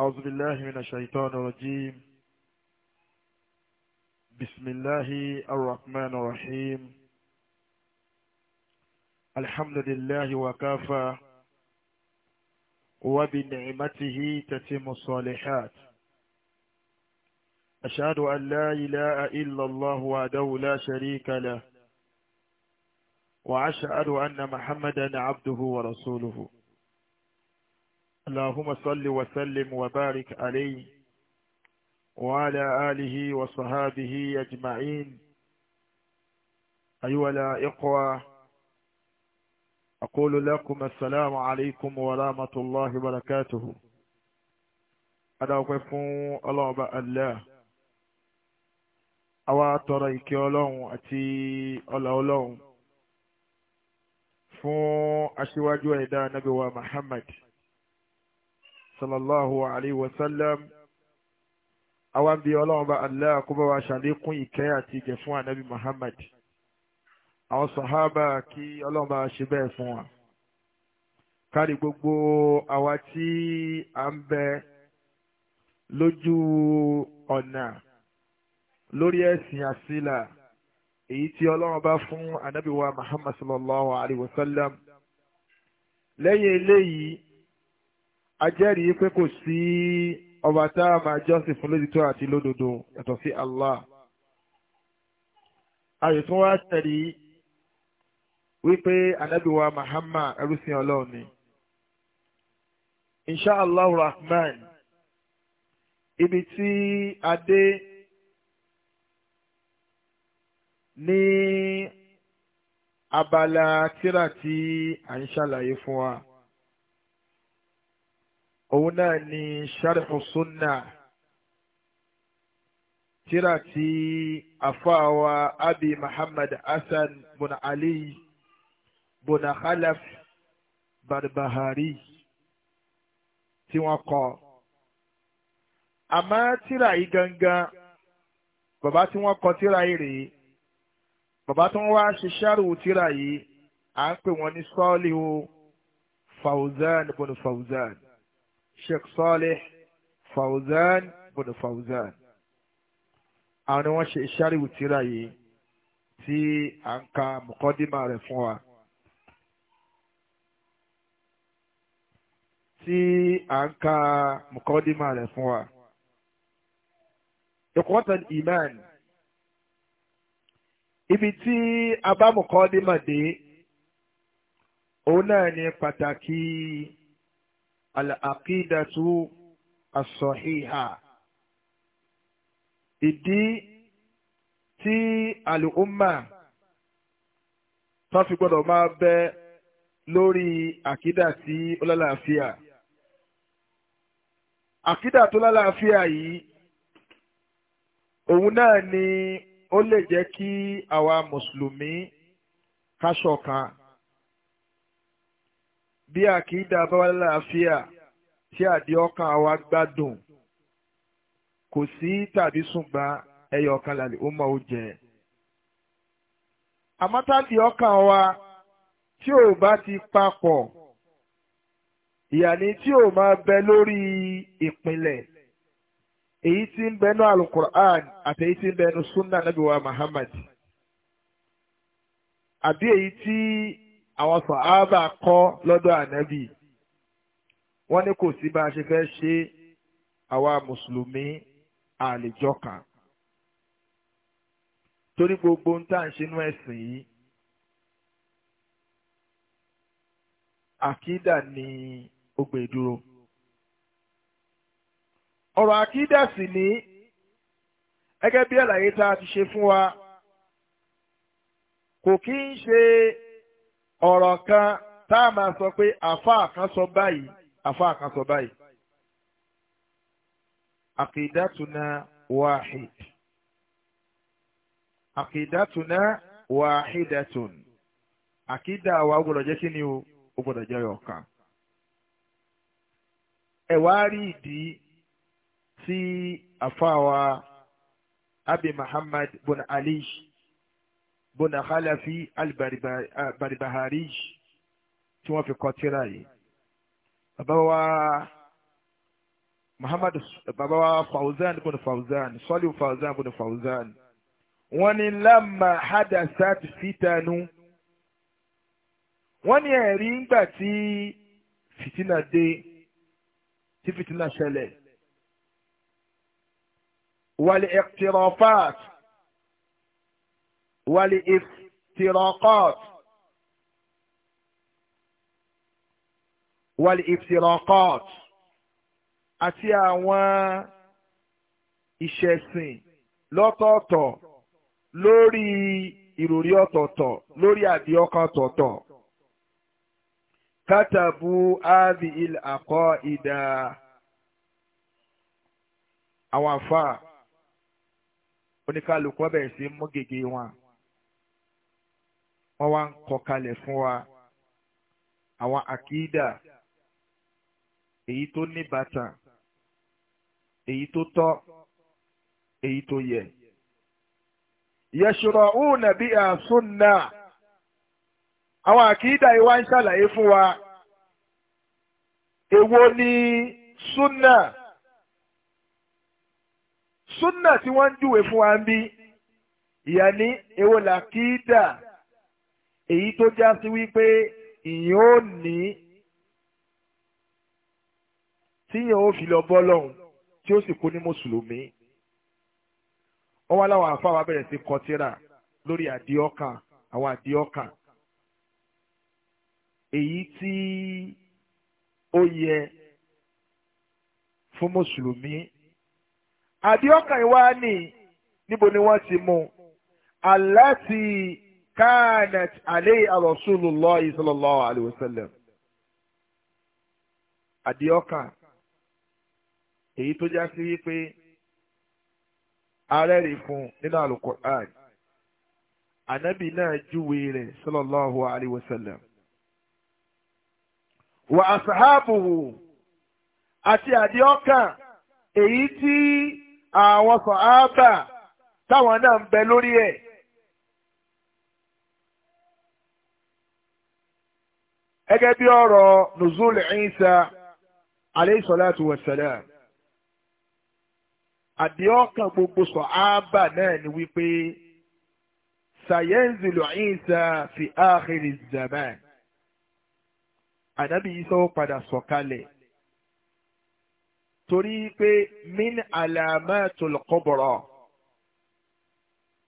أعوذ بالله من الشيطان الرجيم بسم الله الرحمن الرحيم الحمد لله وكافى وبنعمته تتم الصالحات أشهد أن لا إله إلا الله وحده لا شريك له وأشهد أن محمدا عبده ورسوله اللهم صل وسلم وبارك عليه وعلى آله وصحابه أجمعين أيها الإخوة أقول لكم السلام عليكم ورحمة الله وبركاته أنا أقف الله بألا أوا ترى إكيولون أتي أولولون فو أشواجوا إذا نبي محمد sallallahu alayhi wa sallam àwa ń bi ọlọ́run bá allah kó bá wa ṣàlékún ìkẹ́ àti ìgẹ̀ fún anabi muhammad àwọn sàhábà kí ọlọ́run bá ṣe bẹ́ẹ̀ fún wa kárí gbogbo àwa tí à ń bẹ lójú ọ̀nà lórí ẹ̀sìn àsìlà èyí tí ọlọ́run bá fún anabi wa muhammad sallallahu alayhi wa lẹ́yìn eléyìí a jẹ́rìí pé kò sí ọba tá a máa jọ́sìn fún lójútó àti lódodo yàtọ̀ sí Allah ayò tún wá tẹ̀lé wípé anábìwa Muhammad ẹrúsìn ọlọ́run ni insha Allah rahman ibi tí a dé ní abala tírà tí à ń ṣàlàyé fún wa òun náà ni sharhu sunna tírà tí afáwa abi muhammad hasan bun ali bun khalaf barbahari tí wọ́n kọ àmọ́ tírà yìí gangan bàbá tí wọ́n kọ tírà yìí rèé bàbá tí wọ́n wá ṣe sharhu tírà yìí à ń pè wọ́n ní sọ́ọ́lì o fawzan bun fawzan sheikh saleh fauzan bọ̀dọ̀ fauzan àwọn ni wọ́n ṣe ṣáríwù tíra yìí tí à ń ka mọ̀kọ́dímà rẹ̀ fún wa. tí à ń ka mọ̀kọ́dímà rẹ̀ fún wa. ìkọ́tàn iman ibi tí a bá mọ̀kọ́dímà dé òun náà ni pàtàkì al-aqidatu as-sahiha ìdí tí al-umma tó fi gbọ́dọ̀ máa bẹ lórí àkídà tí ó lálàáfíà àkídà tó lálàáfíà yìí òun náà ni ó lè jẹ́ kí àwa mùsùlùmí ká ṣọ̀kan. bí àkìdá bá wà láàfíà tí wa gbádùn kò sí tàbí ṣùgbọ́n ẹyọ ọ̀kan làlẹ́ ó máa ó jẹ. wa tí ò bá ti papọ̀ ìyàní tí ò máa bẹ lórí ìpìlẹ̀ èyí tí ń bẹnu alukur'an sunna nabi wa muhammad àbí èyí àwọn sàhábà kọ́ lọ́dọ̀ ànábì wọ́n ní kò sí bá a ṣe fẹ́ ṣe àwa mùsùlùmí àlejò kan torí gbogbo ń tà ń ṣe inú ẹ̀sìn yìí àkídà ni ó gbé e dúró ọ̀rọ̀ àkídà sì ní gẹ́gẹ́ bí àlàyé tá a ti ṣe fún wa kò kí ń ṣe. ọ̀rọ̀ kan tá a máa sọ pé kan sọ báyìí kan sọ báyìí. wa gbọ́dọ̀ jẹ́ kí ni o, ó gbọ́dọ̀ jẹ́ ọ̀kan. Ẹ rí wa Abi Muhammad bin bọ́nà halafi albaribahari tí wọ́n fi kọ tírà yìí bàbá wa muhammad bàbá wa fawzan bọ́nà fawzan sọ́lì fawzan bọ́nà fawzan wọ́n ní lamma hadasat fitanu wọ́n ní ẹ̀rí ńgbà tí fìtínà dé tí fìtínà ṣẹlẹ̀ wàlẹ̀ ẹ̀kìtìrọ̀fáàtì. والإفتراقات والإفتراقات àti àwọn ìṣẹ̀sìn lọ́tọ̀ọ̀tọ̀ lórí ìròrí ọ̀tọ̀ọ̀tọ̀ lórí àdìọ́kàn ọ̀tọ̀ọ̀tọ̀. kátàbù áàbì ilẹ̀ àkọ́ ìdá àwọn àfáà oníkálukú ọbẹ̀ sí mú gègé wọn wọ́n wá ń kọ kalẹ̀ fún wa àwọn àkídà èyí tó ní bàtà èyí tó tọ́ èyí tó yẹ. yashra'una biha sunna àwọn àkídà yìí wá ń ṣàlàyé fún wa èwo ni sunna sunna tí wọ́n ń júwe fún wa ń bí ìyá ní èwo làkídà èyí tó já sí wípé ìyẹn ò ní tíyẹn ò fi lọ bọ́ lọ́hùn tí ó sì kú ní mùsùlùmí wọ́n wá láwọn àfa bẹ̀rẹ̀ sí kọtíra lórí àdìọ́kàn àwọn àdìọ́kàn èyí tí ó yẹ fún mùsùlùmí àdìọ́kàn ìwá ni níbo ni wọ́n ti mú aláti. كانت عليه رسول الله صلى الله عليه وسلم àdìọ́kà èyí tó já sí wípé ààrẹ rè fún nínú alukur'an ànábì sallallahu alayhi wa sallam wa asahabuhu gẹ́gẹ́ bí ọ̀rọ̀ nùzúlù Ìsá aleyhisalatu wasalam àdéhọ́kàn gbogbo sọ̀hábà náà ni wípé sayenzilu Ìsá fi áàkiri zaman ànábì Ìsá ó padà sọ̀kalẹ̀ torí pé min alamatul kubra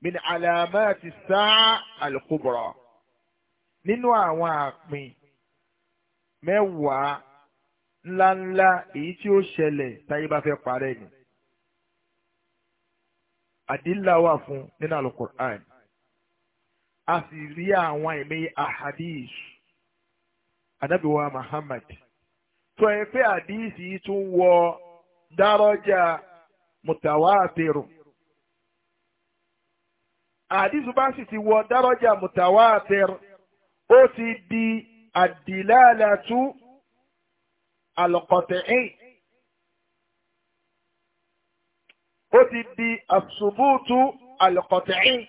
min alamati sáà al kubra nínú àwọn àpín mẹ́wàá ńláńlá èyí tí ó ṣẹlẹ̀ táyé bá fẹ́ parẹ́ ni. àdìlá wà fún nínú alukur'an a sì rí àwọn ẹ̀mí ahadith anabiwa muhammad tó ẹ pé hadith yìí tún wọ dárọ́jà mutawatiru hadith bá sì ti wọ dárọ́jà mutawatiru ó ti di àdìláàlàtú àlọ́kọ̀tẹ̀ẹ́yìn ó ti di àṣubútu àlọ́kọ̀tẹ̀ẹ́yìn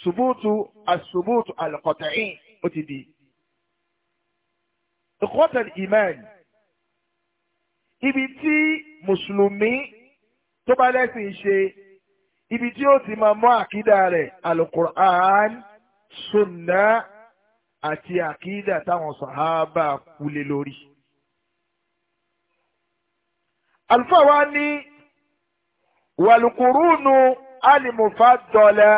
ṣubútu àṣubútu àlọ́kọ̀tẹ̀ẹ́yìn ó ti di. ìkọ́tẹ̀ ìmánì ibi tí mùsùlùmí tó bá lẹ́sìn ṣe ibi tí ó ti máa mú àkídà rẹ̀ alukur'an sunna àti àkídà táwọn sàhábà kulé lórí. àlùfáà wa ní wàlùkùrúnù alìmùfàdọ́là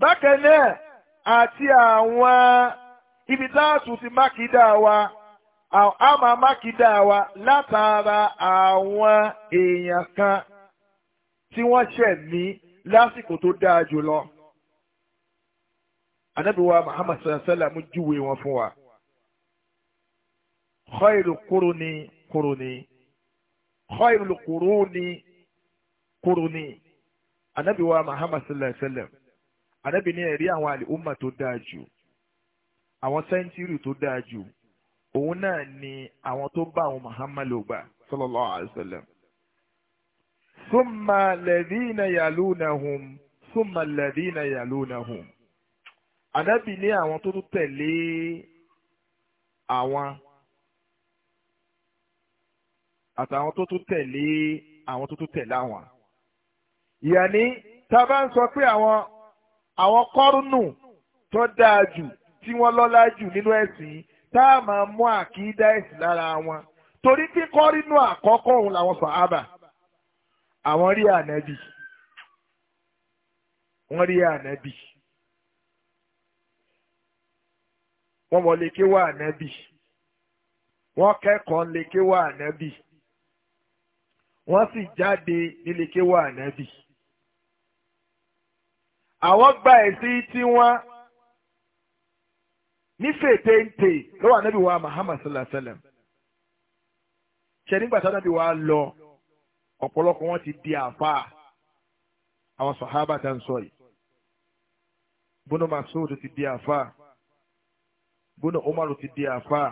bákan náà àti àwọn ibi táàtù ti mákìdá wa a máa mákìdá wa látara àwọn èèyàn kan tí wọ́n ṣẹ̀ ní lásìkò tó dáa jùlọ anabiwa muhammad sallam júwe wọn fún wa khairu kuruni kuruni khairu kuruni kuruni anabiwa muhammad sallam anabi ní ẹ̀rí àwọn àlùmọ̀ tó dáa jù àwọn sẹ́ńtírì tó dáa jù òun náà ni àwọn tó bá àwọn muhammad lò gbà sallallahu alayhi wa sallam. summa ladhina yalunahum summa ladhina ànábì ní àwọn tó tún tẹ̀lé àwọn àtàwọn tó tún tẹ̀lé àwọn tó tún tẹ̀lé àwọn. ìyàní tá a bá ń sọ pé àwọn àwọn kọ́rùnù tó dáa jù tí wọ́n lọ́lá jù nínú ẹ̀sìn tá a máa mú àkídá ẹ̀sìn lára wọn torí pé kọ́rínú àkọ́kọ́ òun làwọn sàhábà àwọn rí ànábì wọ́n rí ànábì wọ́n mọ lè ké wá ànábì wọ́n kẹ́kọ̀ọ́ lè ké wá ànábì wọ́n sì jáde nílé ké wá ànábì. àwọn gba ẹ̀sìn tí wọ́n ní fètèǹtè lọ́wọ́ ànábì wa Muhammad sallallahu alayhi wa sallam ṣe nígbà ànábì wa lọ ọ̀pọ̀lọpọ̀ wọn ti di àfáà àwọn sàhábà tá ń sọ yìí bùnú Mas'ud ti di àfáà gbóná Omaru ti di àfáà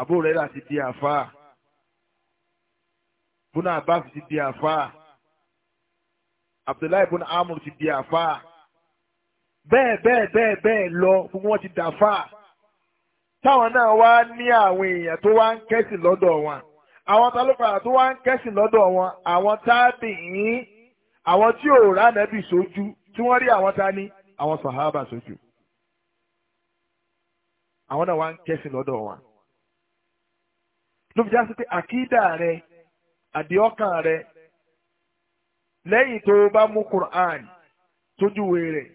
Abu Hurairah ti di àfáà bùnà Abbas ti di àfáà Abdullahi bùnà Amr ti di àfáà bẹ́ẹ̀ bẹ́ẹ̀ bẹ́ẹ̀ bẹ́ẹ̀ lọ fún wọn ti dàfáà táwọn náà wá ní àwọn èèyàn tó wá ń kẹ́sìn lọ́dọ̀ wọn àwọn tálọ́pàá tó wá ń kẹ́sìn lọ́dọ̀ wọn àwọn tábìyìn àwọn tí ò rà nàbì sójú tí wọ́n rí àwọn tání àwọn sàhábà sójú. àwọn náà wá ń kẹ́sìn lọ́dọ̀ wọn. ló fi já sí pé àkídà rẹ rẹ lẹ́yìn bá mú Qur'an tójúwe rẹ̀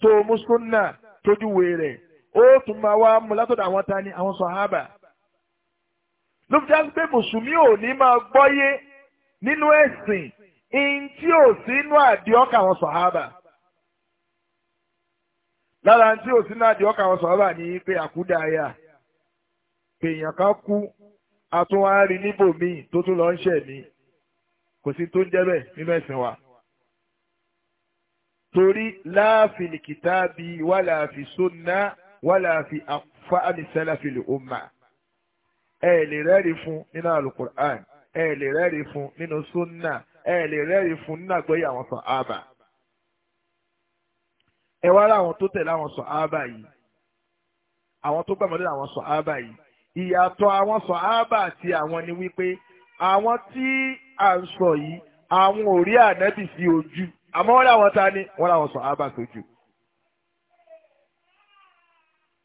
tó o mú sunna tójúwe rẹ̀ ó tún máa wá mú látọ̀dọ̀ àwọn ta ni àwọn sàhábà. ló fi já sí pé mùsùlùmí ò ní máa gbọ́yé nínú tí ò lára tí ò sí náà di ọkà wọn sọ̀rọ̀ ní pé àkúdà ayà pèèyàn kan kú atúnwárí níbòmíì tó tún lọ ń ṣẹ̀ mí kò sí tó ń jẹ́ bẹ́ẹ̀ nínú ẹ̀sìn wa torí láàfin kìtàbí wàlà fi sunna wàlà fi àfáàmì sálàfìlì ọmọ ẹ lè rẹ́rìí fún nínú alukur'an ẹ lè rẹ́rìí fún nínú sunna ẹ lè rẹ́rìí fún nínú àgbẹ̀yà àwọn sàhábà ẹ wá láwọn tó tẹ̀lé àwọn sọ̀hábà yìí àwọn tó gbàmọ́lé àwọn sọ̀hábà yìí ìyàtọ̀ àwọn sọ̀hábà àti àwọn ni wípé àwọn tí à ń sọ yìí àwọn ò rí ànábì sí ojú àmọ́ wọ́n láwọn ta ni wọ́n láwọn sọ̀hábà sójú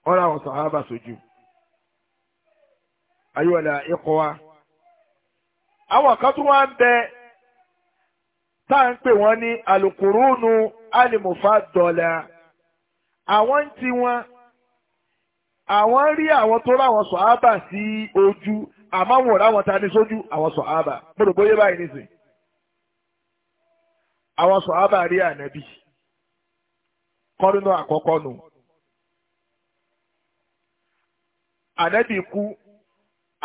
wọ́n láwọn sọ̀hábà sójú ayọ̀lẹ̀ ẹ̀kọ́ wa àwọn kan tún wá ń bẹ tá à ń pè wọ́n ní alukurunu alimufa dọ̀là àwọn ń ti wọn àwọn rí àwọn tó ráwọn sọ̀hábà sí ojú àmọ́ wọn ò ráwọn ta ní sójú àwọn sọ̀hábà mo rò bóyá báyìí nìsín àwọn sọ̀hábà rí ànábì kọ́rínú àkọ́kọ́ nù. ànábì kú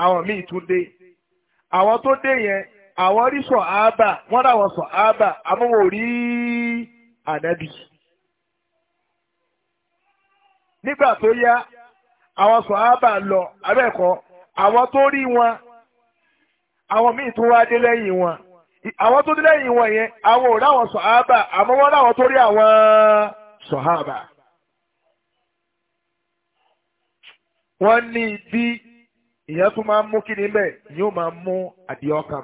àwọn míì tún dé àwọn tó dé yẹn àwọn rí sọ̀hábà wọ́n sọ sọ̀hábà àmọ́ wò rí ànábì. nígbà tó yá àwọn sọ̀hábà lọ abẹ́ẹ̀kọ́ àwọn tó rí wọn àwọn míì tó wá dé lẹ́yìn wọn àwọn tó dé lẹ́yìn wọn yẹn àwọn ò ráwọn sọ̀hábà àmọ́ wọ́n ráwọn tó rí àwọn sọ̀hábà. wọ́n ní bí ìyẹn tó máa ń mú kí ni bẹ́ẹ̀ yóò máa mú àdìọ́kàn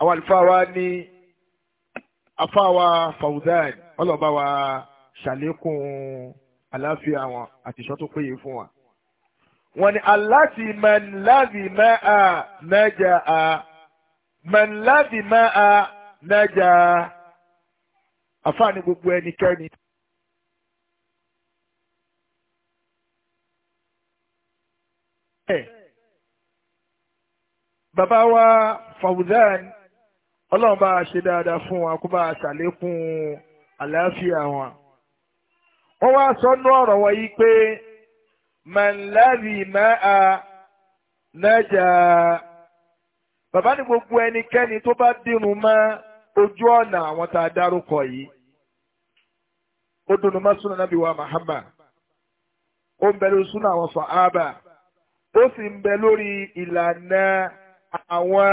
àwọn àlùfáà wa ní àfáà wa Fawzan ọlọ́ba wa ṣàlékún àlàáfíà wọn àti ìṣọ́ tó péye fún wa. wọ́n ní aláti mẹ́ńláàbì mẹ́à mẹ́jà á mẹ́ńláàbì mẹ́à mẹ́jà á àfáà ní gbogbo ẹnikẹ́ni. bàbá wa Fawzan ọlọ́run bá a ṣe dáadáa fún wọn kó bá a ṣàlékún àlàáfíà wọn. wọ́n wá sọnú ọ̀rọ̀ wọn yìí pé màláàbì máa nájà bàbá ní gbogbo ẹnikẹ́ni tó bá dínrùn mọ́ ojú ọ̀nà àwọn tá a dárúkọ yìí ó dùnnú mọ́ súnà nábì wa Muhammad ó ń bẹ lórí súnà àwọn sàhábà ó sì ń bẹ lórí ìlànà àwọn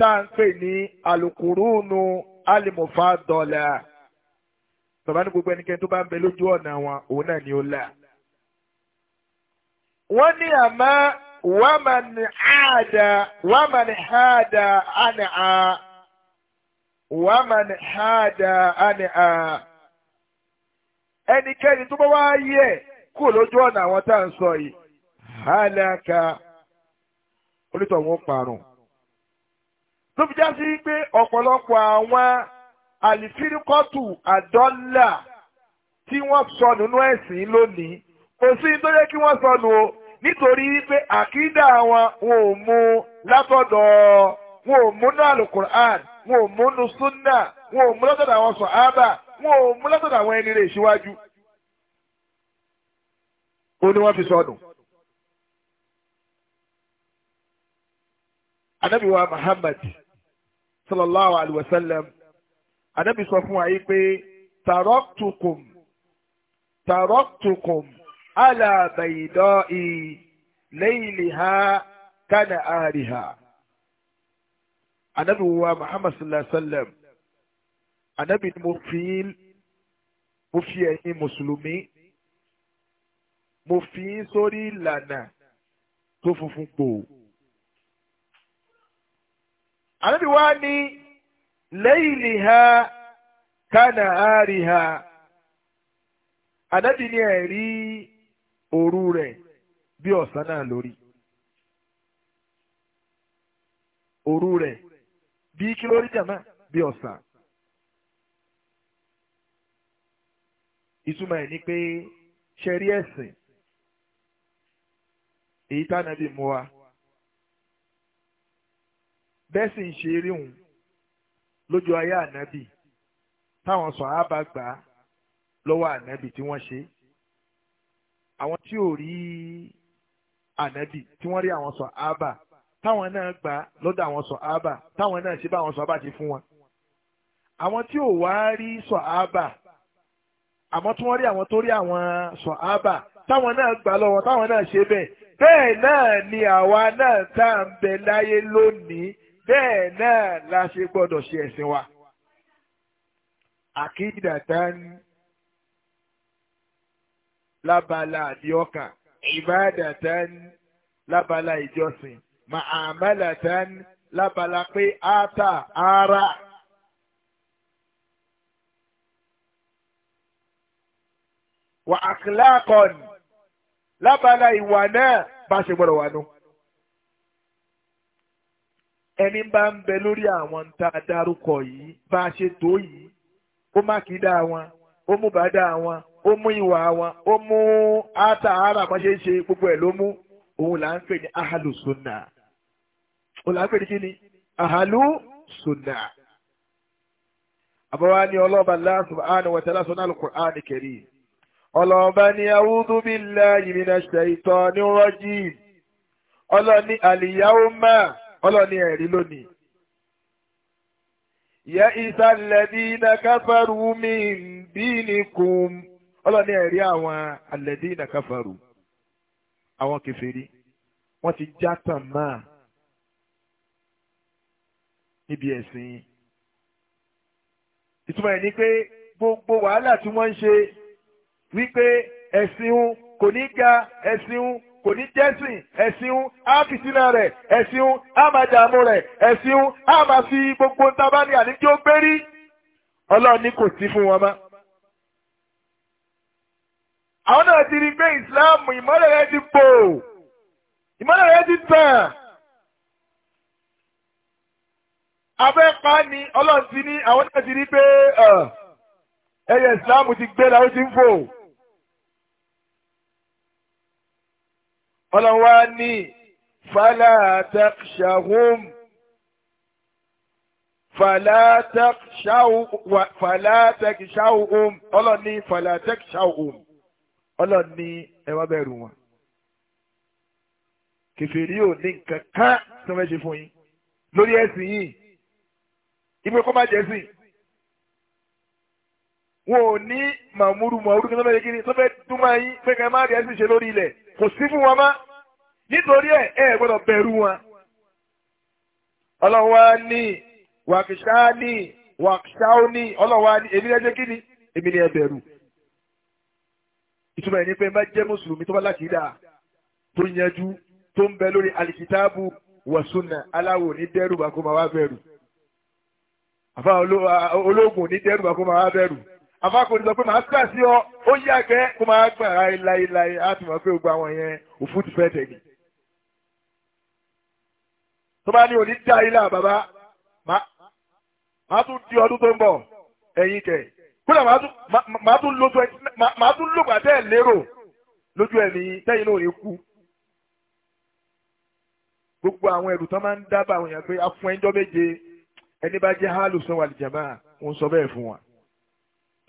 tá à ń pè ní alukurunu alimufadọla bàbá ní gbogbo ẹnikẹ́ni tó bá ń bẹ lójú ọ̀nà wọn òun náà ni ó là. wọ́n ní àmọ́ wàmàní àdá wàmàní àdá àná à wàmàní àdá àná à ẹnikẹ́ni tó bá wá yẹ kú lójú ọ̀nà àwọn tá à ń sọ yìí hálàkà onítọ̀ wọn parun tó fi já sí pé ọ̀pọ̀lọpọ̀ àwọn àlìfírikọ́tù àdọ́là tí wọ́n sọnù nú ẹ̀sìn lónìí kò sí tó yẹ kí wọ́n sọnù o nítorí wípé àkídà wọn wọn ò mú látọ̀dọ̀ wọn ò múnú alukur'an wọn ò múnú sunna wọn ò mú látọ̀dọ̀ àwọn sọ̀hábà wọn ò mú látọ̀dọ̀ àwọn ẹni rẹ̀ síwájú. ó ní wọ́n fi sọnù. anabiwa muhammad sallallahu alayhi wa sallam anabi sọ fún wa yìí pé taraktukum taraktukum ala bayda'i layliha kana ahriha anabi wa muhammad sallallahu alayhi wa sallam anabi mo fi mo fi ẹ̀yin mùsùlùmí mo fi sórí ìlànà tó funfun gbòò ànábì wá ní layliha kanahariha ànábì ní ẹ̀rí òru rẹ̀ bí ọ̀sán náà lórí òru rẹ̀ bí kí lórí jàmá bí ọ̀sán. ìtumọ̀ ẹ̀ ni pé ṣẹ̀rí ẹ̀sìn èyí tá nàbí mú wa bẹ́ẹ̀ sì ń ṣe rí òun lójú ayé ànábì táwọn sọ̀hábà gbà á lọ́wọ́ ànábì tí wọ́n ṣe àwọn tí ò rí ànábì tí wọ́n rí àwọn sọ̀hábà táwọn náà gbà á lọ́dọ̀ àwọn sọ̀hábà táwọn náà ṣe bá àwọn sọ̀hábà ṣe fún wọn àwọn tí ò wá rí sọ̀hábà àmọ́ tí wọ́n rí àwọn tó rí àwọn sọ̀hábà táwọn náà gbà lọ́wọ́ táwọn náà ṣe bẹ́ẹ̀ bẹ́ẹ̀ náà ni àwa náà tá à ń bẹ láyé lónìí bẹ́ẹ̀ náà la ṣe gbọ́dọ̀ ṣe ẹ̀sìn wa. Àkídàtán lábala àdìọ́kàn, ìbádàtán lábala ìjọsìn, màámálàtán lábala pé áátà ara. Wà àkìláàkọ̀n lábala ìwà náà bá ṣe gbọ́dọ̀ wà nù. No. ẹni bá ń bẹ lórí àwọn tá a dárúkọ yìí bá a ṣe tó yìí ó má kí dá wọn ó mú bàdá wọn ó mú ìwà wọn ó mú kan ṣe gbogbo ẹ̀ ló mú òun là ń ahalu sunna òun là ń pè ní kí ni ahalu sunna ni ọlọ́ba Allah subhanahu wa ta'ala sọ́nà al-Qur'an al-Karim ni àwúdú bí láàyè mi náà ṣe ìtọ́ ní rọ́jì ọlọ́ni ọlọ́ni ẹ̀rí lónìí. Ya ìsàlẹ̀dínà káfàrú mi dínìkùn ọlọ́ni ẹ̀rí àwọn àlẹ̀dínà káfàrú àwọn kèfèrí wọ́n ti já tàn máa níbi ẹ̀sìn yìí. ìtumọ̀ ẹ̀ ni pé gbogbo wàhálà tí wọ́n ń ṣe wípé ẹ̀sìn kò ní ga ẹ̀sìn kò ní jẹ́sìn ẹ̀sìn ń á fi sínú rẹ̀ ẹ̀sìn ń á máa dààmú rẹ̀ ẹ̀sìn ń á máa fi gbogbo ń tábà ní àní tí ó gbérí ọlọ́run ní kò sí fún wọn mọ́. àwọn náà ti rí pé ìsìláàmù ìmọ́lẹ̀ rẹ̀ ti bò ìmọ́lẹ̀ rẹ̀ ti tàn. abẹ́pá ni ọlọ́run ti ní àwọn náà ti rí pé ẹ̀yẹ ìsìláàmù ti gbé la ó ti ń fò. ọlọ́wà ní fàlà takṣahum fàlà takṣahum ọlọ́ni fàlà takṣahum ọlọ́ni ẹ má bẹ̀rù wọn kèfèrí ò ní nǹkan kan tí wọ́n fẹ́ ṣe fún yín lórí ẹ̀sìn yìí ibi kọ́ bá jẹ́ sìn wọn ò ní màmúrú màmúrú kí wọ́n fẹ́ kí ni wọ́n fẹ́ dúnmọ́ yín fẹ́ kẹ́ má rí ẹ̀sìn ṣe lórí ilẹ̀ kò sí fún wọn mọ́ nítorí ẹ̀ ẹ̀ gbọ́dọ̀ bẹ̀rù wọn. ọlọ́run wa ní wàkìṣá ní wàkìṣá ó ní ọlọ́run wa ní èmi ní kí ni èmi ní ẹ bẹ̀rù. ìtumọ̀ ẹ̀ ní pé má jẹ́ mùsùlùmí tó bá láti dà tó yanjú tó ń bẹ lórí alìkìtáàbù wàsúnà aláwò ní dẹ́rù bá kó máa wá bẹ̀rù. àfa ológun ní dẹ́rù bá kó máa wá bẹ̀rù afákòrí sọ pé màá gbà sí ọ ó yá kẹ kó máa gbà láéláéláé á ti mọ̀ pé gbogbo àwọn yẹn òfú ti fẹ́ tẹ̀lé. tó bá ní òní dá ilé àbàbá màá tún di ọdún tó ń bọ̀ ẹ̀yìn kẹ̀ kódà màá tún lójú ẹ màá tún lògbà tẹ́ ẹ̀ lérò lójú ẹ̀ nìyí tẹ́yìn náà ò ní kú. gbogbo àwọn ẹ̀rù tán máa ń dábàá àwọn èèyàn pé a ẹjọ́ méje ẹni bá jẹ́ hálù sanwó àlìjàmá òun sọ bẹ́ẹ̀ fún wa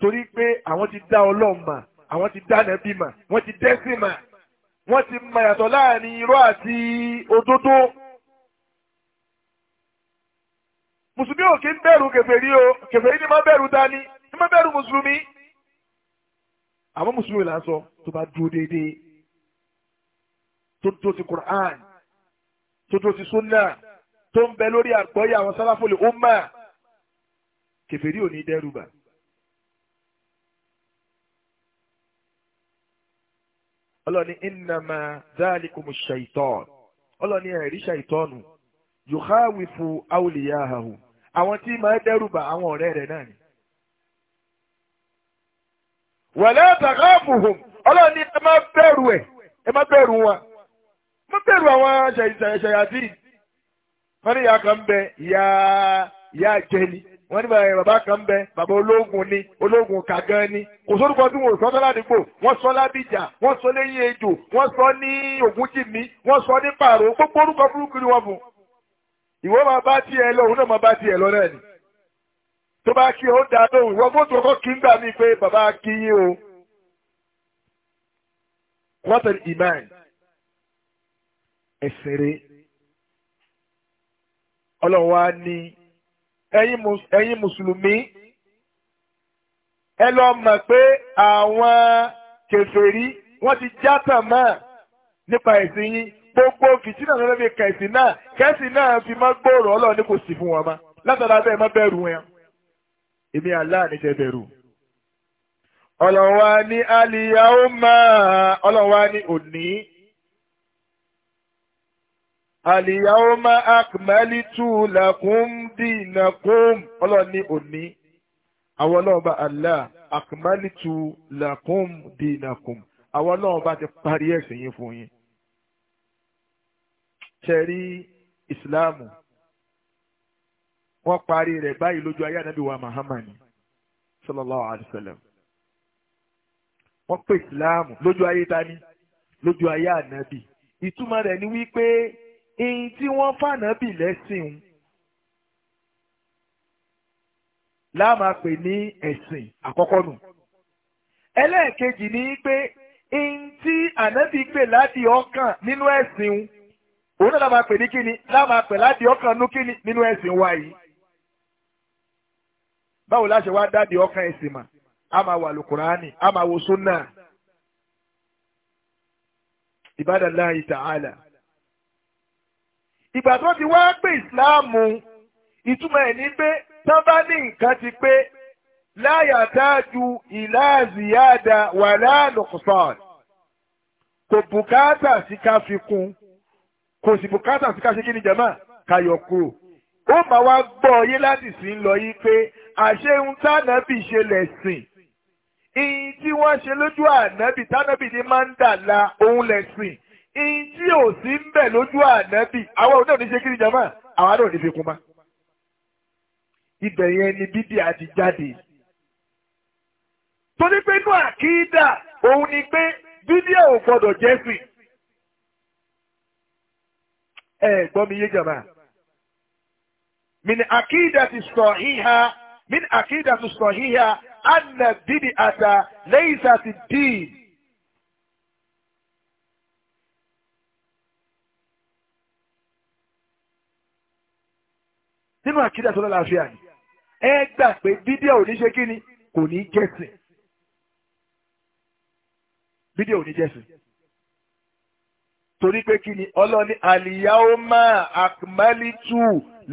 torí pé àwọn ti dá ọlọ́run mà àwọn ti dá nẹ́bí mà wọ́n ti dẹ́sìn mà wọ́n ti mọ yàtọ̀ láàrin irọ́ àti òdodo. mùsùlùmí ò kí ń bẹ̀rù kèfèrí o kèfèrí ni máa bẹ̀rù dání ni máa bẹ̀rù mùsùlùmí. àwọn mùsùlùmí là ń sọ tó bá dúró déédéé tó tó ti Qur'an tó tó ti sunna tó ń bẹ lórí àgbọ́yé àwọn sáláfòlì ó mà kèfèrí ò ní dẹ́rù bà. ọlọ́ni ìnàmà dáàlìkùmù ṣàìtọ́n ọlọ́ni ẹ̀rí ṣàìtọ́nù yòháwìfù awòlìyàhàhù àwọn tí máa dẹ́rùbà àwọn ọ̀rẹ́ rẹ̀ náà ni. wàlẹ́ tàkàfùhùn ọlọ́ni ẹ má bẹ̀rù ẹ̀ ẹ má bẹ̀rù wọn má bẹ̀rù àwọn ṣàyàtì wọn ni ìyá kan bẹ ìyá ìyá jẹni wọ́n ní bàbá kan bẹ bàbá ológun ni ológun kàgán ni kò sórúkọ tí wọ́n sọ sọ ládùúgbò wọ́n sọ lábìjà wọ́n sọ lẹ́yìn ejò wọ́n sọ ní ògúnjìmí wọ́n sọ ní pààrọ̀ gbogbo orúkọ burúkú ni wọ́n fún ìwọ máa bá tiẹ̀ lọ òun náà máa bá tiẹ̀ lọ náà ni tó bá kí ó dáa lóhùn ìwọ fóòtù ọkọ kí ń gbà mí pé bàbá kí yín o quarter iman ẹsẹrẹ Ọlọ́run wa ní ẹ̀yin mùsùlùmí ẹ lọ mọ̀ pé àwọn kèfèrí wọ́n ti játàn mọ́ nípa ẹ̀sìn yín gbogbo fìtínà lọ́dọ̀ fi kẹ̀sìn náà kẹ̀sìn náà fi mọ́ gbòòrò ọlọ́run ní kò sì fún wọn mọ́ látara bẹ́ẹ̀ má bẹ̀rù wọn èmi Allah ní tẹ́ bẹ̀rù. ọlọ́wà ní àlìyá ó máa ọlọ́wà ní òní àlìyàwọ́mọ́ akmalitu lakum dinakum ọlọ́ni òní àwọn ọlọ́ọ̀bá Allah akmalitu lakum dinakum àwọn ọlọ́ọ̀bá ti parí ẹ̀sìn yín fún yín. ṣẹ̀rí ìsìláàmù wọ́n parí rẹ̀ báyìí lójú ayé ànábì wa Muhammad sallallahu alayhi wa sallam wọ́n pè ìsìláàmù lójú ayé tani lójú ayé ànábì ìtumọ̀ rẹ̀ ni wípé èyí tí wọ́n fànàbì lẹ́sìn láàmà pè ní ẹ̀sìn àkọ́kọ́ nù. ẹlẹ́ẹ̀kejì ni pé èyí tí ànábì pè láti ọkàn nínú ẹ̀sìn òun náà láàmà pè ní kíni láàmà pè láti ọkàn nínú ẹ̀sìn wa yìí. báwo la ṣe wá dáàdi ọkàn ẹ̀sìn mà á máa wà lùkùránì á máa wo súnà. ìbádàlláhi ta'ala ìgbà tó ti wá pé ìsìláàmù ìtumọ̀ ẹ̀ ní pé tán bá ní nǹkan ti pé láyàtájú ìlàzìyáda wà láàlùkùsàn kò bùkátà sí ká fi kún kò sì bùkátà sí ká ṣe kí ni jàmá ká yọ kúrò ó mà wá gbọ́ ọyé láti sí ń lọ yìí pé àṣehun tánàbì ṣe lẹ̀sìn ìyìn tí wọ́n ṣe lójú ànábì tánàbì ni máa ń dà la òun lẹ̀sìn in ò sí ń bẹ̀ lójú ànábì àwọn ṣe jama àwọn àdó ní fi kún ibẹ̀ yẹn ni bíbí àti jáde. torí pé inú àkídà òun ni pé bíbí ò ẹ jama. àkídà ti sọ àkídà ti sọ àtà lẹ́yìn sàtì nínú àkídà tó lálàáfíà ni ẹ gbà pé bídíà ò ní ṣe kí ni kò ní jẹ́sìn bídíà ò ní jẹ́sìn torí pé kí ni ọlọ́ni àlìyáwómà àkmálítù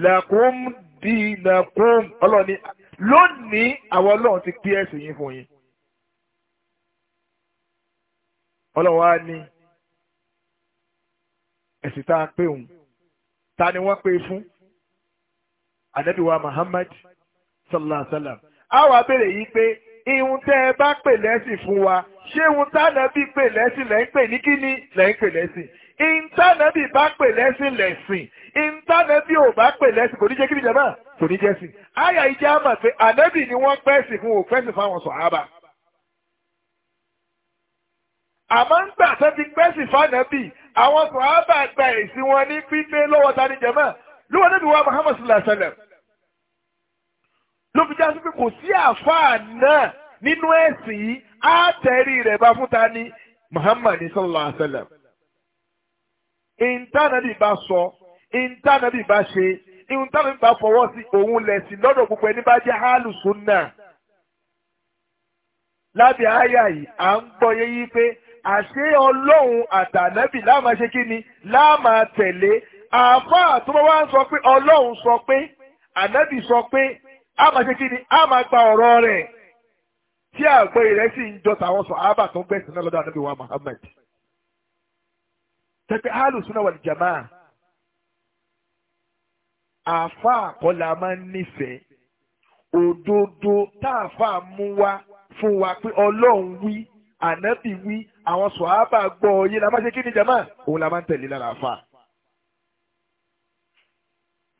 làkúm dìnàkúm ọlọ́ni lónìí àwọn ọlọ́run ti pí ẹ̀sìn yín fún yín. ọlọ́run á ní ẹ̀sìn tá a pé òun ta ni wọ́n pè fún anabiwa muhammad sallallahu alaihi wa sallam a wá béèrè yìí pé ihun tẹ́ ẹ bá pè lẹ́sìn fún wa ṣé ihun tánàbí pè lẹ́sìn lẹ́ ń pè ní kíni lẹ́ ń pè lẹ́sìn ihun tánàbí bá pè lẹ́sìn lẹ́sìn ihun tánàbí ò bá pè lẹ́sìn kò ní jẹ́ kí ni jàmbá kò ní jẹ́ sìn àyà ìjà àmà pé ànábì ni wọ́n pẹ́sìn fún ò pẹ́sìn fún àwọn sọ̀hábà àmọ́ ń gbà sẹ́ni pẹ́sìn fún ànábì àwọn sọ̀hábà gba èsì wọn ní pípé lọ́wọ́ tani jàmbá ló wà níbi wa Muhammad sallallahu ló fi já sí pé kò sí àfáà náà nínú ẹ̀sìn yìí á tẹ̀rí rẹ̀ bá fúnta ní Muhammad sallallahu alayhi wa sallam ìntànàbí bá sọ ìntànàbí bá ṣe ìntànàbí bá fọwọ́ sí òun lẹ̀sìn lọ́dọ̀ gbogbo ẹni bá jẹ́ hálùsùn náà lábẹ́ àyà yìí à ń gbọ́ yé pé àṣé ọlọ́run àtànábì láàmà ṣe kí ni láàmà tẹ̀lé àáfàá tó bá wá ń sọ pé ọlọ́run sọ pé ànábì sọ pé a máa ṣe kí ni a máa gba ọ̀rọ̀ rẹ̀ tí àgbẹ̀ rẹ̀ sì ń jọ tàwọn sàhábà tó gbẹ̀sìn náà lọ́dọ̀ ànábì wa Muhammad tẹ̀pẹ́ alùsùnà wal jamaa àfa àkọlà máa ń nífẹ̀ẹ́ òdodo tá àfa mú wá fún wa pé ọlọ́run wí ànábì wí àwọn sàhábà gbọ́ ọ yé la máa ṣe kí ni jama òun la máa ń tẹ̀lé lára àfa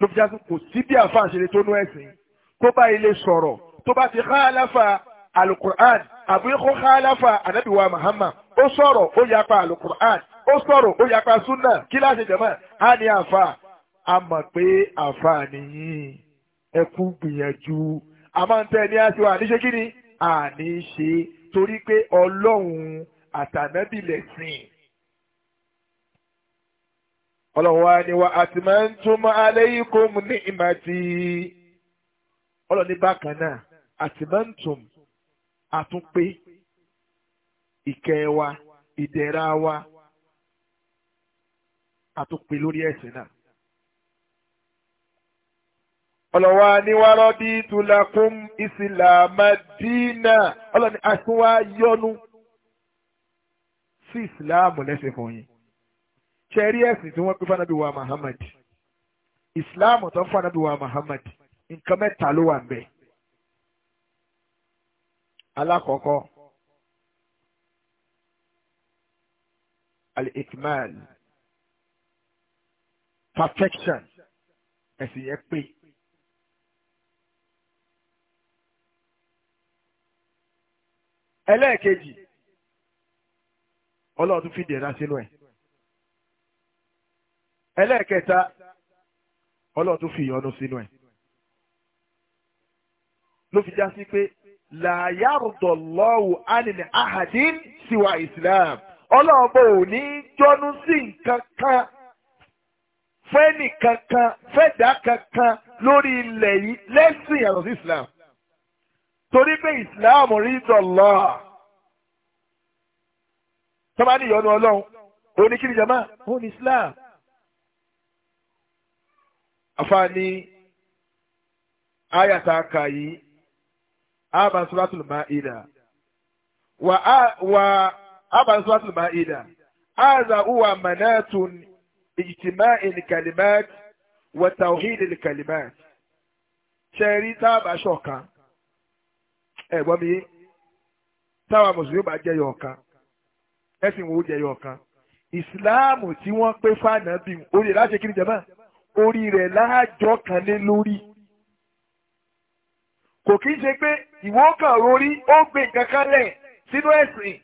ló fi jásí kò sí bí àfa àṣẹlẹ tó nú ẹ̀sìn tó bá ilé sọ̀rọ̀ tó bá ti khalafa alukur'an àbí kó khalafa anabiwa Muhammad ó sọ̀rọ̀ ó yapa alukur'an ó sọ̀rọ̀ ó yapa sunna kí láti jẹ̀mọ́ á ní àfa a mọ̀ pé àfa nìyí ẹ kú gbìyànjú àmọ́ ń tẹ́ ní àti wà níṣe kí ni àní ṣe torí pé ọlọ́run àtànábìlẹ̀ sìn ọlọ́run wa ni wa atmantum alaykum ni'mati ọlọ́run ní bákan náà atmantum àtúnpé ìkẹ́ wa ìdẹ̀ra wa àtúnpé lórí ẹ̀sìn náà. ọlọ́wà ni wà rọ́dí tulakum ìsìlámà dínà ọlọ́ni àtúwá yọnu sí ìsìlámù lẹ́sẹ̀ fún yín ṣẹ̀rí ẹ̀sìn tí wọ́n pín fanabi wa Muhammad Islam tó ń fanabi wa Muhammad nǹkan mẹ́ta ló wà ńbẹ̀. al-ikmal perfection ẹ̀sìn yẹn pé. ẹlẹ́ẹ̀kejì ọlọ́run tún fi dẹ̀ra sínú ẹ̀ ẹlẹ́ẹ̀kẹta ọlọ́run tún fi ìyọnu sínú ẹ̀ ló fi já sí pé làyàrùdọ̀ lọ́wọ́ ánìní ahadin siwa islam ọlọ́run bò ní jọ́nú sí nǹkan kan fẹ́ni kankan fẹ́dà kankan lórí ilẹ̀ yìí lẹ́sìn yàtọ̀ sí islam torí pé islam rí dọ̀lọ́ tọ́ba ní ìyọnu ọlọ́run òun ni kí ni jama òun ni islam àfààní àyàtà kà yìí àbá suratul Maida wà àbá suratul Maida àzà huwa manatun ijtima'i kalimat wa tawhid kalimat ṣẹ̀rí táàbà ṣọ̀kan ẹ̀gbọ́n mi yé táwa mùsùlùmí bá jẹ́ yọ̀ọ̀kan ẹ̀sìn wo jẹ́ yọ̀ọ̀kan ìsìláàmù tí wọ́n pé fáànà bí ó lè láṣẹ kí ni jẹ́ báà. orí rẹ̀ láàjọ kan lé lórí kò kí ń ṣe pé ìwọ kan rórí ó gbé nǹkan kan lẹ̀ sínú ẹ̀sìn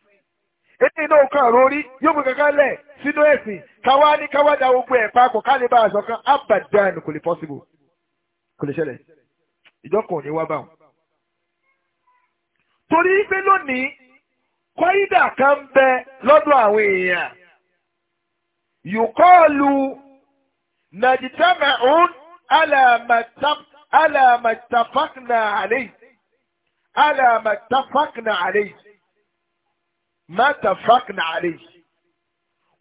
èyí náà kan rórí yóò gbé nǹkan kan lẹ̀ sínú ẹ̀sìn káwá ní káwá da gbogbo ẹ̀ papọ̀ ká lè bá aṣọ kan abadan kò lè possible kò lè ṣẹlẹ̀ ìjọkùn ní wá báwọn. torí pé lónìí kọ́ídà kan bẹ lọ́dọ̀ àwọn èèyàn najtama'un ala mattafaqna alayhi ala mattafaqna alayhi mattafaqna alayhi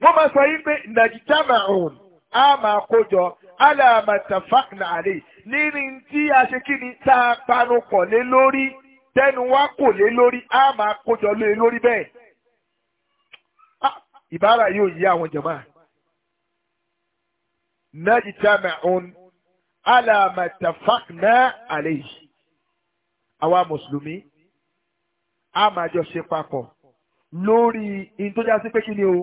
wọ́n máa sọ yí pé najtama'un a máa kójọ ala mattafaqna alayhi nínú tí a ṣe kí ni tá a panu kọ̀ lé lórí tẹnu wa kò lé lórí a máa kójọ lé lórí bẹ́ẹ̀ ìbára yóò yí àwọn jàmáà najtama'un ala ma tafaqna alayhi àwa mùsùlùmí a máa jọ ṣe papọ̀ lórí in tó já sí pé kí ni o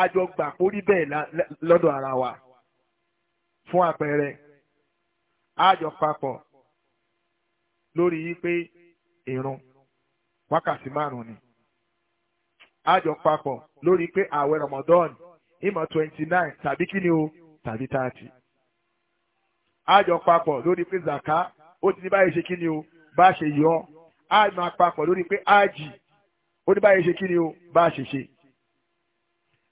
a jọ gbà kó rí bẹ́ẹ̀ lọ́dọ̀ ara wa fún àpẹẹrẹ a jọ papọ̀ lórí yìí pé wákàtí márùn-ún ni a jọ papọ̀ lórí pé ààwẹ̀ Ramadan Ima twenty nine tàbí kí ni o tàbí thirty. àjọ papọ̀ lórí pé zaka ó ti ní báyìí ṣe kí ni o bá ṣe yọ àjọ papọ̀ lórí pé ájì ó ní báyìí ṣe kí ni o bá ṣe ṣe.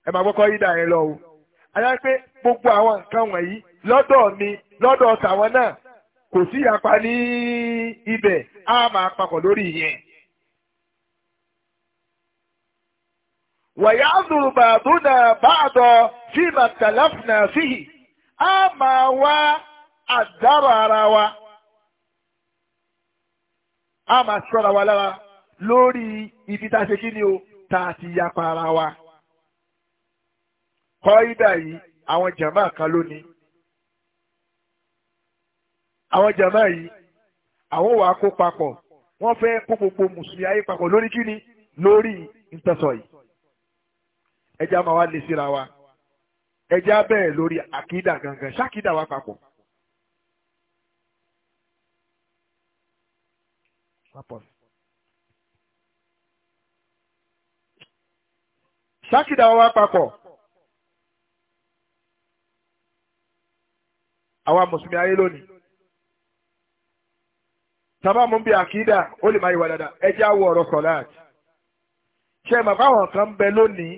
ẹ máa kọ́kọ́ yí dà yẹn lọ o. àyà pé gbogbo àwọn nǹkan wọ̀nyí lọ́dọ̀ mi lọ́dọ̀ tàwọn náà kò sí ìyapa ní ibẹ̀ á máa papọ̀ lórí ìyẹn. wàyáàdùn bàdúnà báàdọ̀ fí màtàláfìnà fíhì á máa wá àdárò ara wa á máa ṣọ́ra wa lára lórí ibi tá a ṣe kí ni o tá a ti yapa ara wa. kọ́ídà yìí àwọn jàmáà kan lónìí àwọn jàmáà yìí àwọn wàá kó papọ̀ wọ́n fẹ́ kó gbogbo mùsùlùmí ayé papọ̀ lórí kíni lórí ìtẹ̀sọ̀ yìí ẹjẹ́ a máa lè síra wa ẹjẹ́ a bẹ̀rẹ̀ lórí àkídà gangan ṣákídà wa papọ̀. ṣákídà wa papọ̀. àwa mùsùlùmí ayé lónìí tàbá mú bí àkídà ó lè máa yíwa dáadáa ẹjẹ́ àwọ̀ ọ̀rọ̀ sọ̀láàtì ṣe é màbáwọn kan bẹ lónìí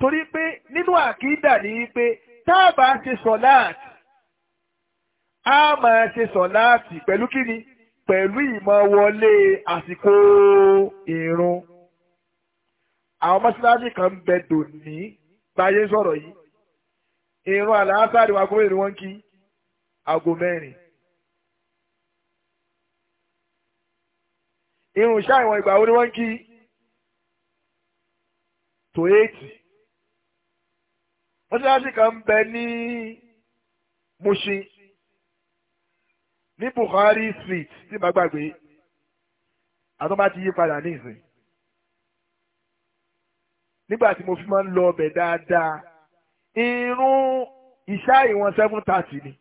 torí pé nínú àkídà ni wípé tá a bá ṣe sọ̀láàtì a máa ṣe sọ̀láàtì pẹ̀lú kíni pẹ̀lú ìmọ̀ wọlé àsìkò ìrun àwọn mọ́ṣáláṣí kan ń bẹ dòní báyé sọ̀rọ̀ yìí ìrun àlàáfáàrí wa gómìnà wọn kí aago mẹ́rin. irun ṣáà ìwọ̀n ìgbà wo ni wọ́n kí tó mọ́ṣáláṣí kan ń bẹ ní Mushin ní Buhari street tí màá gbàgbé àtọ́mọ́ ti yí padà ní ìsìn nígbà tí mo fi máa ń lọ ọbẹ̀ dáadáa irun ìṣá ìwọ̀n seven thirty ni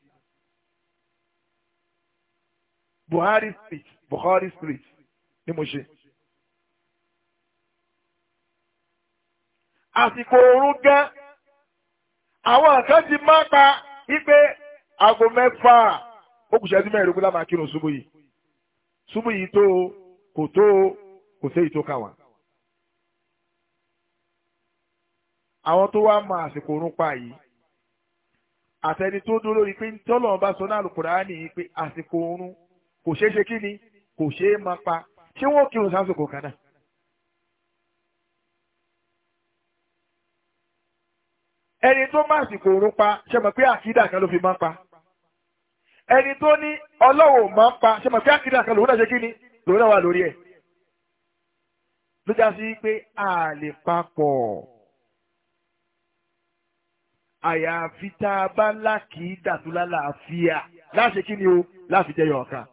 Buhari street Buhari street ni mo ṣe. àsìkò oorun gan àwọn kan ti máa pa ipe aago mẹ́fà ó kù ṣẹ́jú mẹ́ẹ̀ẹ́dógún lámà kírun ṣubú yìí ṣubú yìí tó kò tó kò sí èyí tó kà wá. àwọn tó wá mọ àsìkò orun pa yìí àtẹni tó dúró yìí pé tọ́lọ̀ bá sọ náà Al-Kùránì pé àsìkò orun kò ṣeé ṣe kí ni kò ṣeé máa pa ṣé wọ́n kírun sásìkò kan náà. ẹni tó má sì kò rún pa ṣe mọ̀ pé àkídà kan ló fi máa ń pa ẹni tó ní ọlọ́wọ́ máa ń pa ṣe mọ̀ pé àkídà kan lòun náà ṣe kí ni lòun náà wà lórí ẹ̀ ló já sí pé a lè papọ̀ àyàfi tá a bá ńlá kì í dàtúlá làáfíà láṣẹ kí ni o láfi jẹyọ ọ̀kan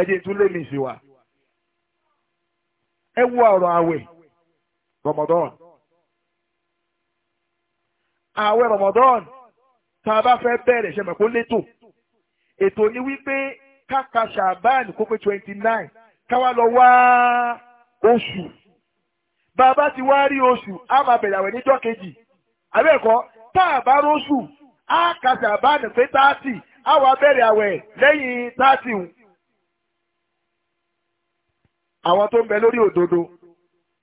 ẹ jẹ́ tún lé mi sí wa ẹ wo ọ̀rọ̀ àwẹ̀ rọmọdọ́rùn ààwẹ̀ Ramadan tá a bá fẹ́ bẹ̀rẹ̀ ṣe mọ̀ kó létò ètò ni wípé káka ṣàbáàní kó pé twenty nine káwá lọ wá oṣù bàbá ti wá rí oṣù á máa bẹ̀rẹ̀ àwẹ̀ níjọ́ kejì àbẹ́ẹ̀kọ́ tá a bá róṣù á ka ṣàbáàní pé thirty á wá bẹ̀rẹ̀ àwẹ̀ lẹ́yìn thirty àwọn tó ń bẹ lórí òdodo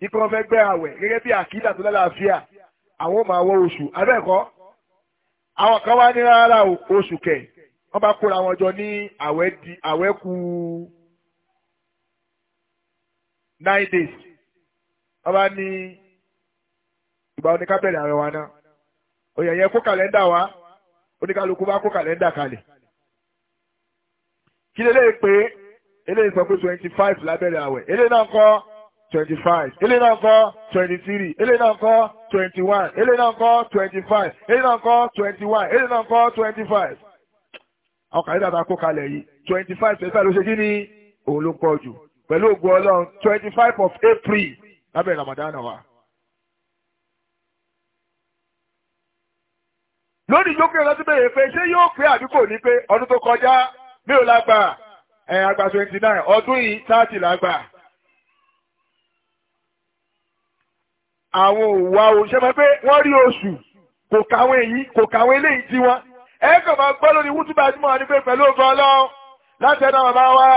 ikú wọn fẹ́ gbé àwẹ̀ gẹ́gẹ́ bí àkídà tó lálàáfíà àwọn máa wọ oṣù abẹ́ẹ̀kọ́ àwọn kan wá ní rárá oṣù kẹ̀ wọ́n bá kóra wọn jọ ní àwẹ̀ di àwẹ̀ kù nine days wọ́n bá ní ìgbà oníkábẹ̀rẹ̀ àwẹ̀ wa náà òyìn yẹn kó kàlẹ́ndà wá oníkálukú bá kó kàlẹ́ndà kalẹ̀ kí lè lè pé eléyìí sọ pé twenty five lábẹ́rẹ̀ àwẹ̀ eléyìí náà kọ́ twenty five eléyìí náà kọ́ twenty three eléyìí náà kọ́ twenty one eléyìí náà kọ́ twenty five eléyìí náà kọ́ twenty one eléyìí náà kọ́ twenty five àwọn kàdé dàda kó kalẹ̀ yìí twenty five twenty five ló ṣe kí ni òun ló pọ̀ jù pẹ̀lú ògùn ọlọ́run twenty five of April lábẹ́ Ramadan wa. lónìí yókè lọ sí bẹ́ẹ̀ pé ṣé yóò pé àbí kò ní pé ọdún tó kọjá mi ò lágbà ẹ̀ àgbà twenty nine ọdún yìí thirty lágbà. àwọn òwà o ṣe máa pé wọ́n rí oṣù kò kàwọn èyí kò kàwọn eléyìí tí wọ́n ẹ kàn máa gbọ́ lórí wútúbà tí mo wà ní pé pẹ̀lú ògbọ́n ọlọ́run láti ẹ̀dá bàbá wa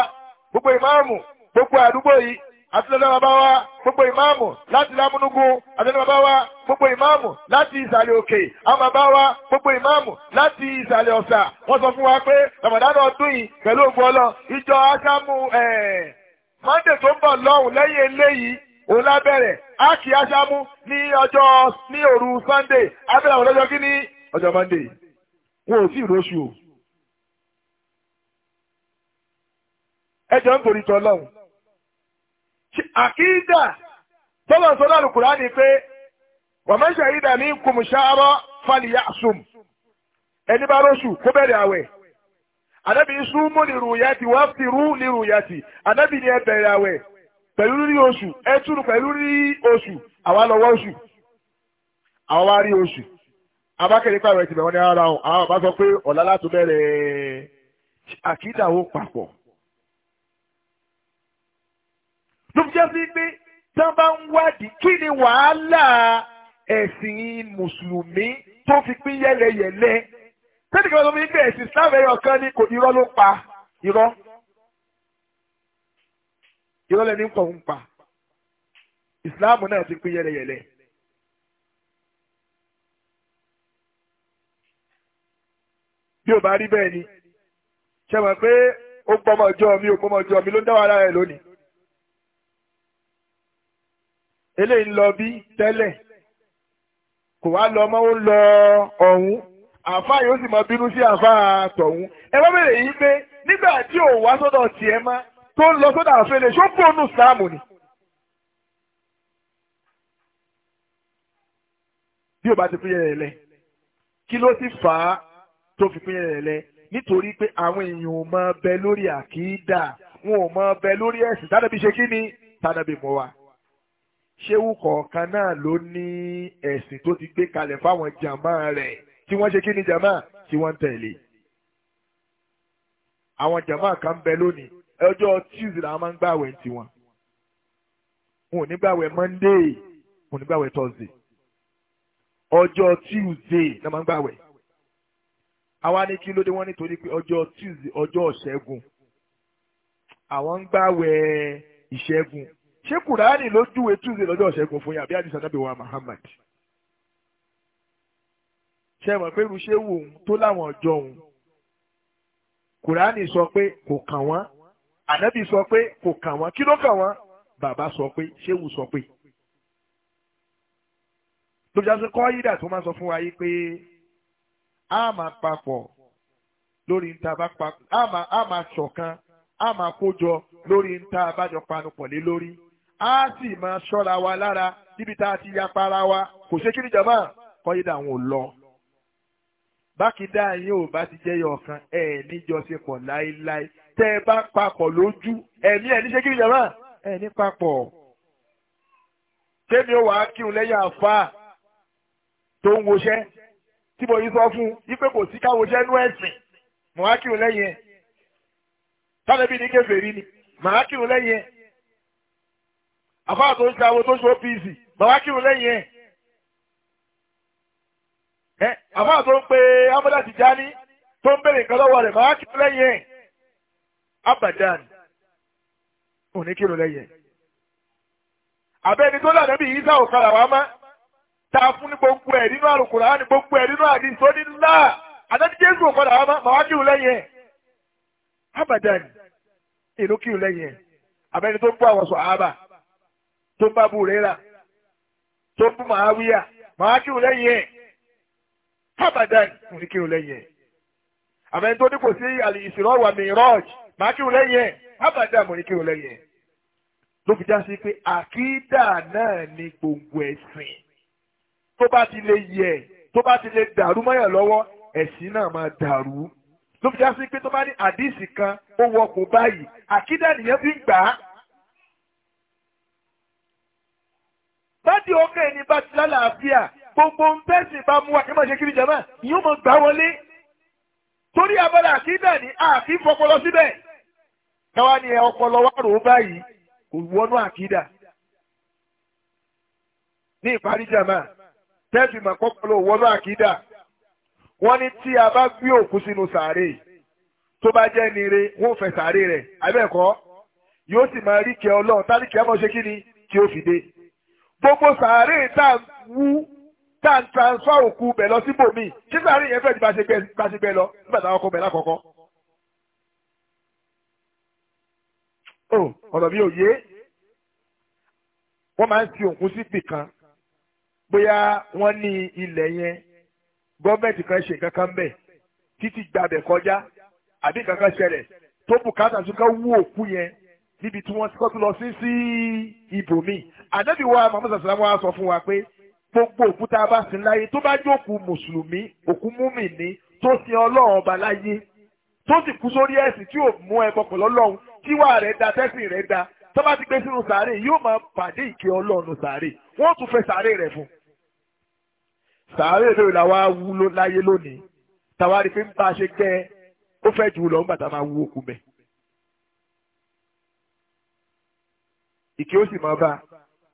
gbogbo ìmáàmù gbogbo àdúgbò yìí àti ẹ̀dá bàbá wa gbogbo ìmáàmù láti lámúnúgun àti ẹ̀dá bàbá wa gbogbo ìmáàmù láti ìsàlẹ̀ òkè àwọn bàbá wa gbogbo ìmáàmù láti ìsàlẹ̀ ọ̀sà wọ́n sọ fún wa pé Ramadan ọdún yìí pẹ̀lú ògbọ́n ọlọ́run ìjọ aṣáàmù eh, Monday tó ń bọ̀ lọ́hùn lẹ́yìn eléyìí òun lábẹ́rẹ̀ á kì í ní ọjọ́ ní òru sunday abẹ́rẹ́ àwọn ọlọ́jọ́ kí ọjọ́ monday wọn ò sí o. ẹjọ́ ń torí tọ́lọ́hún. tọ́lọ̀ sọ́lá lùkùrá ni pé wàmọ́ ní kùmùṣàárọ̀ fàlìyà sùn ẹni bá róṣù kó bẹ̀rẹ̀ àwẹ̀ ànábì súnmù nírú wàá fi rú pẹ̀lú rírí oṣù ẹ túrú pẹ̀lú rírí oṣù àwa lọ́wọ́ oṣù àwa wá rí oṣù abákẹ́lẹ́ pàrọ̀ ẹ̀tì bẹ̀wọ́n ní ara wọn àwọn bá sọ pé ọ̀la láti bẹ̀rẹ̀ àkídàwó papọ̀. ló fi jẹ́ sí pé tí wọ́n bá ń wádìí kí ni wàhálà ẹ̀sìn mùsùlùmí tó fi pín yẹ́lẹyẹ̀lẹ tẹ́lifíwọ́n tó fi ń gbé ẹ̀sìn Islam ẹ̀yọ̀ kan ní irọ́ ló pa irọ́ ìrọ̀lẹ́ ní pọ̀ ń pa ìsìláàmù náà ti pín yẹlẹyẹlẹ. bí o bá rí bẹ́ẹ̀ ni ṣe mọ̀ pé ó gbọ́mọ ọjọ́ mi ò gbọ́mọ ọjọ́ mi ló ń dá wàhálà rẹ̀ lónìí. eléyìí ń lọ bí tẹ́lẹ̀ kò wá lọ ọmọ ó ń lọ ọ̀hún àáfàá yóò sì máa bínú sí àáfàá tọ̀hún. ẹ wọ́n bèrè yìí pé nígbà tí ò wá sọ́dọ̀ tiẹ̀ máa tó ń lọ sódà àfẹlẹ ṣó bónú islam ni. bí o bá ti pín yẹn lẹ kí ló ti fà á tó fi pín yẹn lẹ nítorí pé àwọn èèyàn ò mọ bẹ lórí àkídà wọn ò mọ bẹ lórí ẹ̀sìn tádàbí ṣe kí ni tádàbí mọ wa ṣéwù kọ̀ọ̀kan náà ló ní ẹ̀sìn tó ti gbé kalẹ̀ fáwọn jàmá rẹ̀ tí wọ́n ṣe kí ni jàmá tí wọ́n ń tẹ̀lé. àwọn jàmá kan bẹ lónìí ọjọ́ tuesday làwọn máa ń gbàwẹ̀ tiwọn wọn ò ní gbàwẹ̀ monday wọn ò ní gbàwẹ̀ thursday ọjọ́ tuesday làwọn máa ń gbàwẹ̀ àwa ní kí ló dé wọ́n nítorí pé ọjọ́ tuesday ọjọ́ ìṣẹ́gun àwọn ń gbàwẹ̀ ìṣẹ́gun ṣé kùránì ló júwe tuesday lọ́jọ́ ìṣẹ́gun fún yín àbí àdìsá nàbẹ̀ wa muhammad ṣe mọ̀ pé irú ṣé wò ó tó láwọn ọjọ́ òun kùránì sọ pé kò kàn wọ́n ànábì sọ pé kò kàn wọ́n kí ló kàn wọ́n bàbá sọ pé ṣéwù sọ pé tó jásí kọ́ yídà tó máa sọ fún wa yìí pé a máa papọ̀ lórí níta bá papọ̀ a máa a máa ṣọ̀kan a máa kójọ lórí níta abájọ panupọ̀ lé lórí a sì máa ṣọ́ra wa lára níbi tá a ti yapa ara wa kò ṣe kí ni jàmá kọ́ yídà àwọn ò lọ. bákidá yín ò bá ti jẹ́ yọ̀ kan ẹ̀ níjọ ṣe pọ̀ láéláé tẹ́ ẹ bá papọ̀ lójú ẹ̀mí ẹ̀ ní ṣé kí ni jàmbá ẹ̀ ní papọ̀ tẹ́mi ó wàá kírun lẹ́yìn àfa tó ń woṣẹ́ tí mo yí sọ fún yípe kò sí ká woṣẹ́ nú ẹ̀sìn mo wá kírun lẹ́yìn ẹ̀ sábẹ́bí ní kèfèrí ni màá kírun lẹ́yìn ẹ̀ àfa tó ń ṣàwọ tó ṣe opc màá kírun lẹ́yìn ẹ̀ ẹ àfa tó ń pe amúdá Tìjání tó ń bèrè nǹkan lọ́wọ́ rẹ̀ màá kírun lẹ́yìn ẹ̀. abadan òní kírun lẹ́yìn abẹ́ni tó lànà bí isa òkàlà wa má ta fún ní gbogbo ẹ̀ nínú àlùkùránì gbogbo ẹ̀ nínú àdìsó ní ńlá àdáni jésù òkàlà wa má mà wá kírun lẹ́yìn abadan ìlú kírun lẹ́yìn abẹ́ni tó ń bú àwọn sàhábà tó ń bá bú rẹ́rà tó ń bú màáwíyà màá kírun lẹ́yìn abadan òní tó ní kò sí àlè màá kírun lẹ́yìn ẹ̀ ábàdà mo ní kírun lẹ́yìn ẹ̀ ló fi já sí pé àkídà náà ni gbòǹgbò ẹ̀sìn tó bá ti lè yẹ tó bá ti lè dàrú mọ́yàn lọ́wọ́ ẹ̀sìn náà máa dàrú ló fi já sí pé tó bá ní àdíìsì kan ó wọkùn báyìí àkídà nìyẹn fi ń gbà á. bádìí ọkàn ẹni bá ti lálàáfíà gbogbo ń tẹ́sí bá mú wa ṣe kiri jẹ́ máa ìyóò mọ̀ gbá wọlé torí abala àkídà ní àfi fọpọlọ síbẹ̀. káwá ni ọpọlọ wà rò báyìí kò wọnú àkídà ní ìparí mà wọnú àkídà wọ́n ní tí a bá gbé òkú sínú sàárè tó bá jẹ́ nire wọ́n fẹ́ sàárè rẹ̀ abẹ́ẹ̀kọ́ yóò sì máa rí kẹ́ ọlọ́run ọmọ ṣe kí gbogbo sàárè tá wú tá transfer òkú bẹ̀ lọ kí ó oh, ọ̀rọ̀ mi ò yé wọ́n máa ń fi òkun síbì kan bóyá wọ́n ní ilẹ̀ yẹn gọ́ọ̀mẹ̀ntì kan ṣe nǹkan kan bẹ̀ títí gbàbẹ̀ kọjá àbí nǹkan kan ṣẹlẹ̀ tó bùkátà tó ká wú òkú yẹn níbi tí wọ́n ti kọ́ tó lọ sí sí ibòmíì ànábì wa Muhammad sàlámù wa sọ fún wa pé gbogbo òkú bá sin láyé tó bá jókòó mùsùlùmí òkú múmìnì tó sin ọlọ́run ọba láyé tó sì kú sórí ẹ̀sìn tí ò mú ẹbọ pẹ̀lú ọlọ́run tíwà rẹ̀ da tẹ́sìn rẹ̀ da tó bá ti gbé sínú sàárè yóò máa pàdé ìkẹ́ ọlọ́run sàárè wọ́n tún fẹ́ sàárè rẹ̀ fún. sàárè lóyún la wá wúlò láyé lónìí tàwa rí i pé ń bá a ṣe kẹ́ ẹ ó fẹ́ jù lọ nígbà tá a máa wú òkú bẹ́ẹ̀. ìkẹ́ ó sì máa bá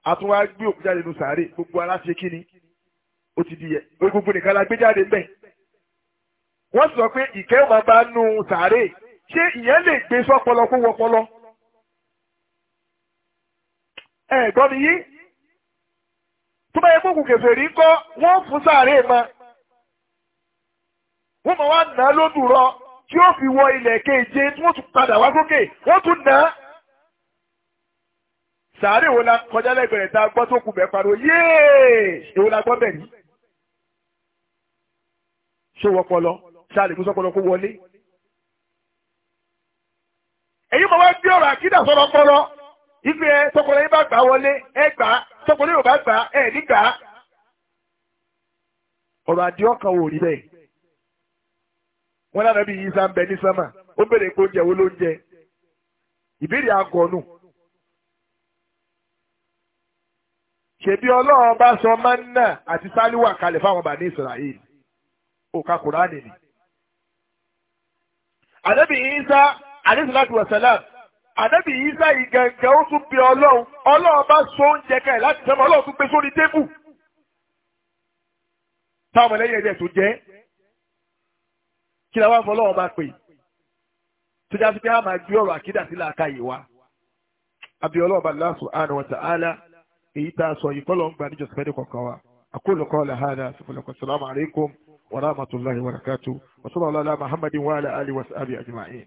a tún wá gbé òkú jáde nínú sàárè gbogbo aláṣẹ kínní ó ti di yẹ gbogbo nìkan la gbé jáde bẹ́ẹ̀. wọ́n sọ pé ìkẹ́ ó máa bá nù sàárè ṣé ìyẹn lè gbé sọ́pọlọ kó wọpọlọ ẹ gbọ́ mi yí tó bá yẹ kó kùn kẹfẹ́ rí kọ́ wọ́n fún sáré ma wọ́n mọ̀ wá nà á lódùrọ̀ tí ó fi wọ ilẹ̀ keje tí wọ́n tún padà wá sókè wọ́n tún nà á sàárè wo la kọjá lẹ́gbẹ̀rẹ̀ tá a gbọ́ tó kù bẹ́ẹ̀ pariwo yéè èwo la gbọ́ bẹ́ẹ̀ ni ṣé wọ́pọlọ ṣáà lè mú sọ́pọlọ kó wọlé èyí mọ̀ wá bí ọ̀rọ̀ àkídà sọ̀rọ̀ pọ̀lọ́ ìgbé ẹ tọkọlẹ yín bá gbà wọlé ẹ gbà tọkọlẹ yóò bá gbà ẹ ní gbà. ọ̀rọ̀ àdìọ́ kan ò rí bẹ́ẹ̀ wọ́n lára bí yín sáà bẹ ní sánmà ó bèrè pé oúnjẹ wo ló ń jẹ ìbéèrè àgọ́nù. ṣèbí ọlọ́run bá sọ mánà àti sáliwà kalẹ̀ fáwọn bàní Israel òkà Kùránì ni. àdébì yín sáà àdéṣọ́láàtù wàsálàm ànábì Ìsá yìí gẹ̀ǹgẹ̀ ó tún bí ọlọ́run ọlọ́run bá so oúnjẹ ká ẹ̀ láti sẹ́mu ọlọ́run tún gbé sórí tébù táwọn ọmọlẹ́yìn ẹ̀dẹ̀ tó jẹ́ kí la wá fọ ọlọ́run bá pè tó já sí pé a máa gbé ọ̀rọ̀ àkídà sí làákà yìí wá àbí ọlọ́run bá láàṣọ àrùn ọ̀tà àlà èyí tá a sọ yìí kọ́ ló ń gbà níjọ sẹ́ni kọ̀ọ̀kan wa àkóòlù wa rahmatullahi